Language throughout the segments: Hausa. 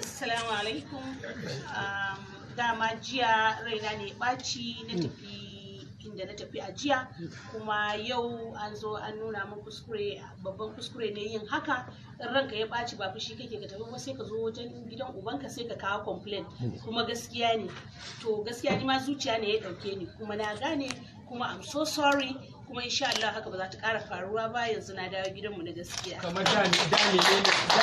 Assalamu alaikum. Um, dama jiya raina ne ɓaci na hmm. tafi inda na tafi a jiya kuma yau an zo an nuna min kuskure babban kuskure ne yin haka in ranka ya ɓaci ba fushi kake ka tafi sai ka zo wajen gidan ubanka sai ka kawo complain hmm. kuma gaskiya ne to gaskiya ni ma zuciya ne ya ɗauke ni kuma na gane kuma I'm so sorry kuma insha Allah haka ba za ta ƙara faruwa ba yanzu na dawo gidanmu na gaskiya kamar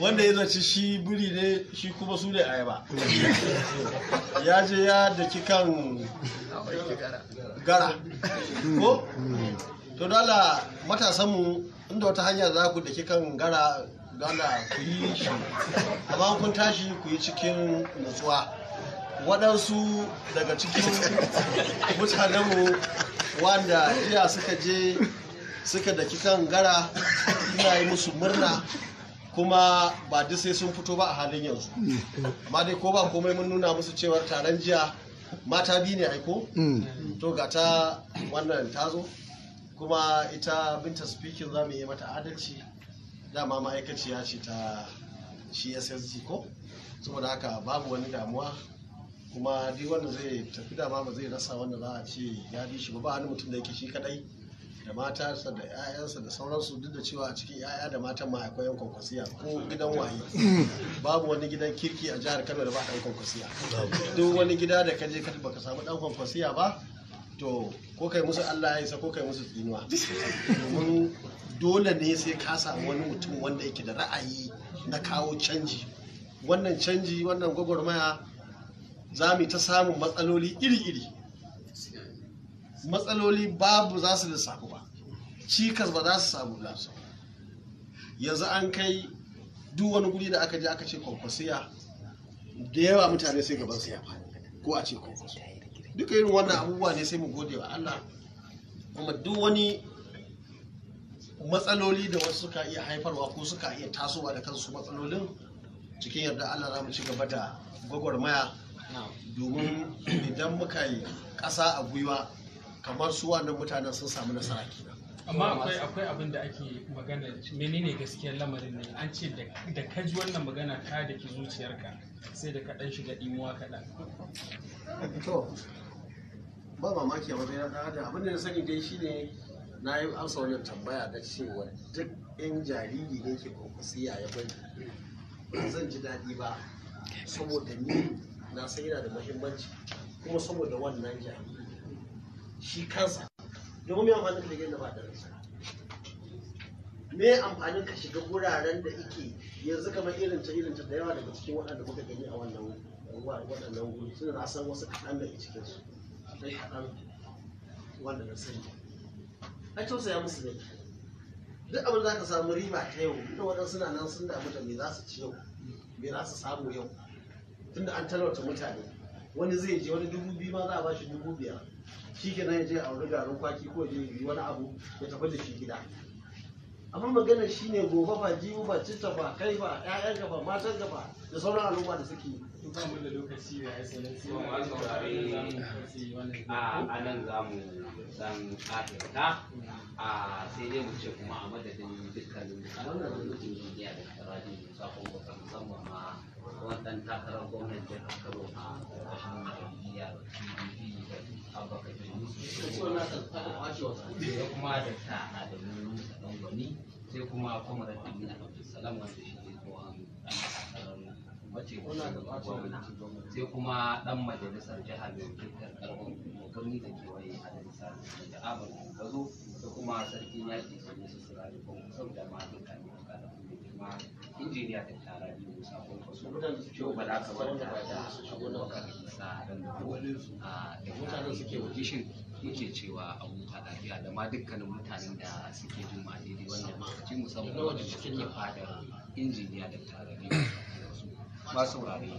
wanda ya zaci shi buri ne shi kuma su ne ayaba ya je ya daki kan gara ko to dala matasanmu inda wata hanya za ku daki kan gara dala ku yi shi amma kun tashi ku yi cikin nutsuwa waɗansu daga cikin mutanenmu wanda jiya suka je suka daki kan gara ina yi musu murna kuma ba duk sai sun fito ba a halin yanzu hmm. ma dai ko ba komai mun nuna musu cewar taron jiya mata biyu ne aiko hmm. to ga ta wannan tazo kuma ita binta speaking za mu yi mata adalci dama ma'aikaciya ce ta shi ko saboda haka babu wani damuwa kuma duk wanda zai tafi dama ba zai rasa wanda za a ce ya bi shi ba ba wani mutum da yake shi kadai da matarsa da 'ya'yansa da sauransu duk da cewa a cikin 'ya'ya da matan ma akwai 'yan kwankwasiya ko gidan waye babu wani gidan kirki a jihar kano da ba dan kwankwasiya duk wani gida da ka je ka baka samu dan kwankwasiya ba to ko kai musu allah ya isa ko kai musu tsinuwa domin dole ne sai ka samu wani mutum wanda yake da ra'ayi na kawo canji wannan canji wannan gwagwarmaya za mu ta samun matsaloli iri-iri matsaloli babu za su sabu ba cikas ba za su samu ba yanzu an kai duk wani guri da aka je aka ce kwankwasiya da yawa mutane sai gaban su ya ko a ce kwakwasiya duka irin wannan abubuwa ne sai mu gode wa Allah kuma duk wani matsaloli da wasu suka iya haifarwa ko suka iya tasowa da kansu matsalolin cikin yarda Allah za mu ci gaba da gwagwarmaya domin idan muka yi ƙasa a gwiwa kamar su wannan mutanen sun samu nasara kenan amma akwai akwai abin da ake magana menene gaskiyar lamarin ne an ce da ka ji wannan magana ta da ke zuciyarka sai da ka dan shiga imuwa kaɗan to ba mamaki a matsayin ɗan da abin da na sani dai shine na yi amsa wannan tambaya da cewa duk yan jariri ne ke kwakwasiya ya bari ba zan ji daɗi ba saboda ni na san yana da muhimmanci kuma saboda wannan jariri shi kansa domin mai amfanin ka shiga da ba darasa me amfanin ka shiga wuraren da ike yanzu kamar irin ta irin ta da yawa daga cikin waɗanda muka gani a wannan waɗannan guri suna na san wasu kaɗan daga cikin su sai kaɗan wanda na sani a ya musu ne duk abin za ka samu riba ta yau duk waɗansu suna nan sun damu da me za su ci yau me za su samu yau tunda an talauta mutane wani zai je wani dubu biyu ma za a bashi dubu biyar shi kenan ya je a wani garin kwaki ko je yi wani abu ya tafi da shi gida amma magana shine gobe ba jibu ba citta ba kai ba ƴaƴan gaba matan gaba da sauran al'umma da suke a nan za mu san afirka a sai dai mu ce kuma a madadin dukkanin wannan da suke yi da karatu musamman ma wannan takarar gwamnati da ciwon nasa aka kwace sai kuma kuma da salam wanda shi ne ko an da sai kuma dan majalisar jihar mai kirkar gwamnati da a da misali da abin da kuma sarkin yaki su sau da ma duka ne a kada kuma injiniya da tara biyu ko ba da aka bar ah, da da wani a da mutane suke wajen muke cewa abun halafiya da ma dukkanin mutanen da suke jin ma daidai wannan lokaci musamman wanda suke yi fadar injiniya da tarihi da wasu masu wurare.